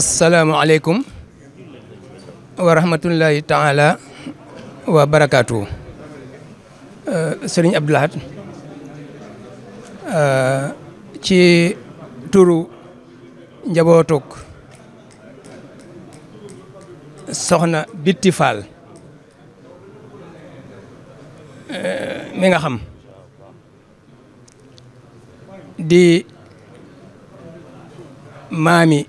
asalaamualeykum wa rahmatullahi taala wa barakaatu euh, sëriñ Abdou euh, ci turu njabootuk soxna Bitti Fall euh, nga xam di maami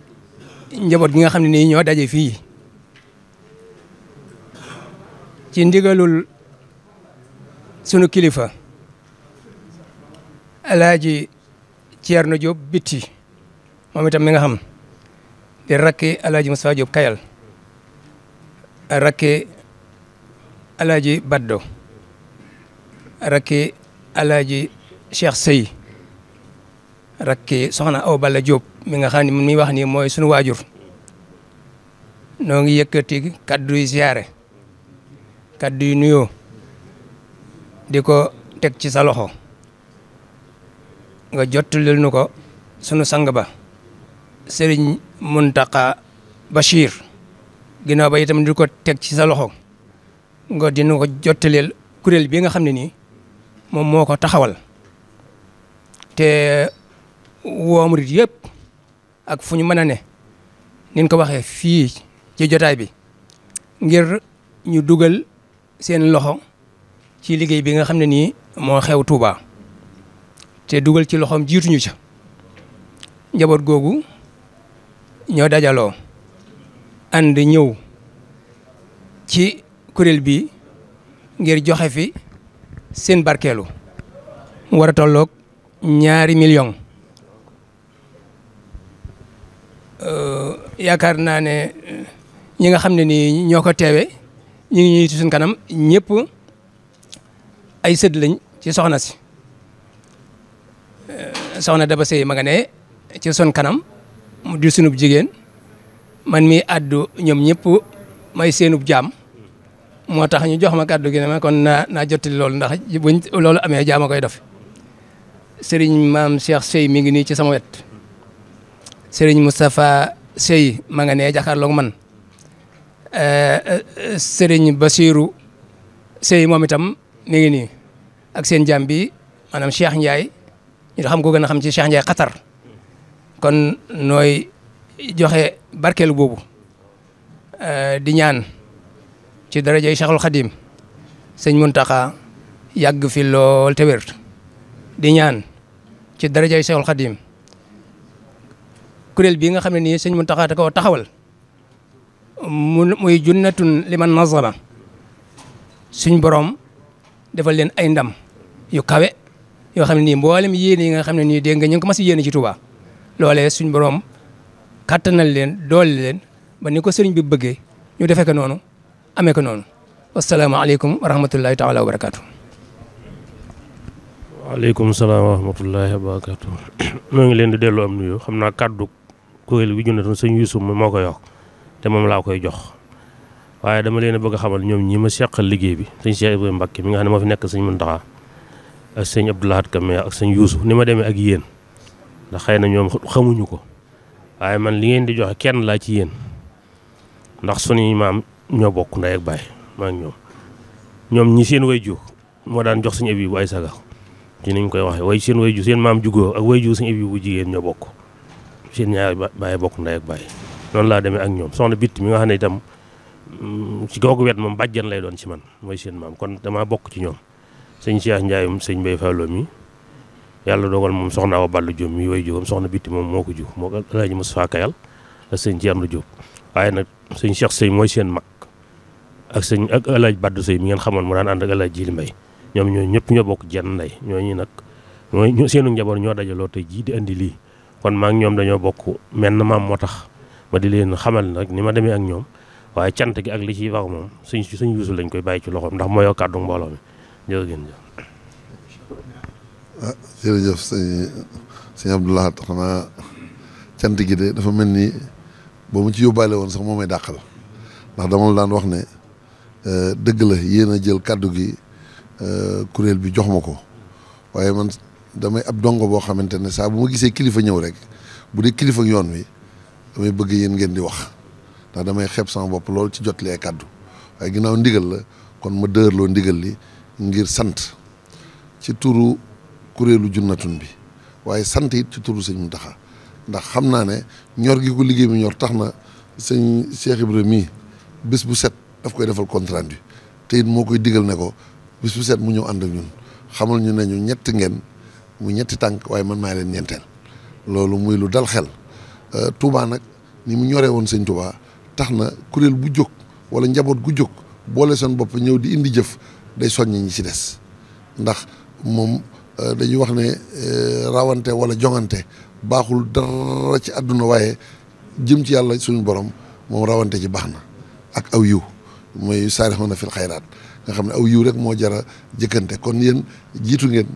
njaboot gi nga xam ne nii ñoo daje fii ci ndigalul sunu kilifa alaaji Ceerno Jóob bitti moom itam mi nga xam di rakki alaaji Musaa Jóob kayal rakki alaaji baddo rakki alaaji Cheikh Sey rakki soxna aw Balla Jóob mi nga xam ne mi wax nii mooy sunu waajur noo ngi yëkkati kaddu yu siyaare kaddu yu nuyoo di ko teg ci sa loxo nga jottulil nu ko sunu sang ba Serigne Mountakha Bachir ginnaaw ba itam di ko teg ci sa loxo nga dina ko jottaleel kuréel bi nga xam ne ni moom moo ko taxawal te woo murit yëpp ak fu ñu mën a ne nin ko waxee fii ci jotaay bi ngir ñu dugal seen loxo ci liggéey bi nga xam ne nii moo xew Touba te dugal ci loxoom jiituñu ca njaboot googu ñoo dajaloo ànd ñëw ci kuréel bi ngir joxe fi seen barkelu war a tolloog ñaari million Euh, yaakaar naa ne ñi nga xam ne nii ñoo ko teewee ñu ngi ñuy kanam ñëpp ay sëdd lañ ci soxna si euh, soxna Daba Seye magane nga ne ci sun kanam mu di sunub jigéen man mi addu ñoom ñëpp may seenub jaam moo tax ñu jox ma kàddu gi ne kon naa naa jottali loolu ndax buñ loolu amee jaama koy def sëriñ maam Cheikh sey mi ngi nii ci sama wet Serigne Moustapha Sey ma nga nee jàkkaarloog man eh, eh, Serigne Bassirou Sey moom itam mi ngi nii ak seen jàmm bi maanaam Cheikh Ndiaye ñu xam ko gën a xam ci Cheikh xatar kon nooy joxe barkeelu boobu eh, di ñaan ci darajay Cheikhul Khadim sëñ Mountakha yàgg fi lool te wér di ñaan ci darajay Cheikhul Khadim kuréel bii nga xam ne nii sëñ Muntaxa da koo taxawal mu muy junnatun liman nazama suñ borom defal leen ay ndam yu kawe yoo xam ne nii mboole mboolem yéen yi nga xam ne nii dégg nga ñu ngi ko mas yéene ci Touba loolee suñ borom kattanal leen doole leen ba ni ko sëriñ bi bëggee ñu defee ko noonu amee ko noonu asalaamaaleykum wa rahmatullahi taala wa barakaatu. waaleykum salaam ngi leen di delloo am nuyoo xam naa kàddu kuréel bi ñu ne sëñ Yuusu moo ko yokk te moom laa koy jox waaye dama leen a bëgg a xamal ñoom ñii ma seqal liggéey bi sëñ Cheikh Ibrahima Mbacké mi nga xam ne moo fi nekk sëñ Muntaxa ak sëñ Abdou Lahad Ka ak sëñ Yuusu ni ma demee ak yéen ndax xëy na ñoom xamuñu ko waaye man li ngeen di joxe kenn laa ci yéen ndax sunuy maam ñoo bokk ndey ak baay maa ngi ñoom ñoom seen way ju moo daan jox sëñ Abibu ay saga ci niñ koy waxe way seen way ju seen maam jugoo ak way ju sëñ Abibu jigéen ñoo bokk seen ñaari baay bokk ndey ak baay noonu laa demee ak ñoom soxna bitt mi nga xam ne itam mm, ci googu wet moom bàjjan lay doon ci man mooy seen maam kon damaa bokk ci ñoom sëñ Cheikh Ndiaye moom sëñ Mbaye Fallo mi yàlla moom soxna Awa Balla Diop mi way soxna bitti moom moo ko ju moo ko El Hadj Moustapha Kayal ak sëñ Thierno Diop waaye nag sëñ Cheikh Sey mooy seen mag ak sëñ ak El Hadj Badou Sey mi ngeen xamoon mu daan ànd ak El Hadj mbay Mbaye ñoom ñooñu ñëpp ñoo bokk jenn ndey ñi nag mooy seenu njaboot ñoo dajaloo tey jii di andi lii kon maak ñoom dañoo bokk menn maam moo tax ma di leen xamal rek ni ma demee ak ñoom waaye cant gi ak li ciy wax moom suñ suñ yuusu lañ koy bàyyi ci loxoom ndax moo yor kàddu mbooloo mi jërë ngeen jëf. ah dafa mel ni boo ci yóbbaale woon sax moo may dàqal ndax dama la daan wax ne eh, dëgg la yéen a jël kàddu gi eh, kuréel bi jox ma ko waaye man. damay ab dongo boo xamante ne saa bu ma gisee kilifa ñëw rek bu dee kilifa yoon wi damay bëgg yéen ngeen di wax ndax damay xeeb sama bopp loolu ci jot jotlee kàddu waaye ginnaaw ndigal la kon ma dërloo ndigal li ngir sant ci turu kuréelu junnatun bi waaye sant it ci turu sëñ Muntaxa ndax xam naa ne ñor gi ko liggéey bi ñor tax na sëñ Cheikh Ibrahima mii bis bu set daf koy defal compte rendu te it moo koy digal ne ko bis bu set mu ñëw ànd ak ñun xamal ñu ne ñett ngeen. mu ñetti tànk waaye man maa leen ñeenteel loolu muy lu dal xel euh, Touba nag ni mu ñoree woon sëñ Touba tax na kuréel bu jóg wala njaboot gu jóg boole seen bopp ñëw di indi jëf day soññ ñi ci des ndax moom euh, dañuy wax ne euh, rawante wala jongante baaxul dara ci àdduna waaye jëm ci yàlla suñu borom moom rawante ci baax na ak aw yiw mooy saarixoona fil xayraat nga xam ne aw yiw rek moo jara jëkkante kon yéen jiitu ngeen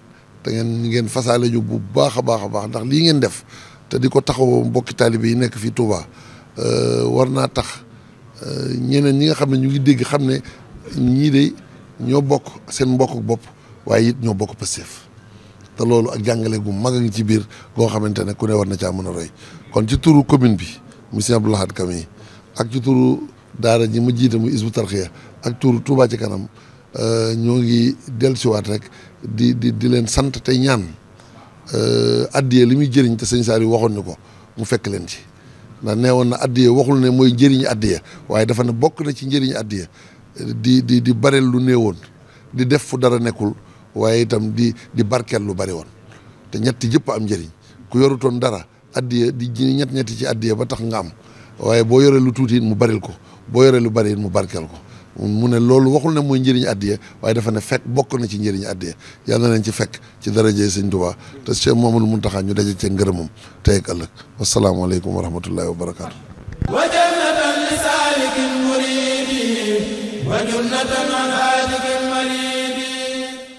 te ngeen ngeen fasaale ju bu baax a baax a baax ndax lii ngeen def te di ko taxawoo mbokki taalibe yi nekk fii Touba euh, war naa tax euh, ñeneen ñi nga xam ne ñu ngi dégg xam ne ñii de ñoo bokk seen mbokk bopp waaye it ñoo bokk Pastef te loolu ak jàngale gu mag ngi ci biir goo xamante ne ku ne war na caa mën kon ci turu commune bi monsieur Abdou Lahad Kam ak ci turu daara ji ma jiite mu Hizbut Tarqiyyah ak turu Touba ci kanam Euh, ñoo ngi siwaat rek di di di leen sant tey ñaan euh, addiye li muy jëriñ te saar Saliou waxoon ni ko mu fekk leen ci ndax nee woon na addiye waxul ne mooy njëriñ addiye waaye dafa ne bokk na ci njëriñ addiye di di di bareel lu néewoon di def fu dara nekkul waaye itam di di barkeel lu bari woon te ñetti jëpp am njëriñ ku yorutoon dara addiye di ji ñett ñetti ci addiye ba tax nga am waaye boo yoree lu tuuti mu baril ko boo yoree lu bari mu barkeel ko mu ne loolu waxul ne mooy njëriñ addiya waaye dafa ne fekk bokk na ci njëriñ addiya yàlla na ci fekk ci darajee sëñ Tuubaa te Cheikh Mamadou Mountakha ñu daje ca ngërëmam tey ak ëllëg wasalaamaaleykum wa rahmatullahi wa barakaatu. wa jannatan li saalikin muridi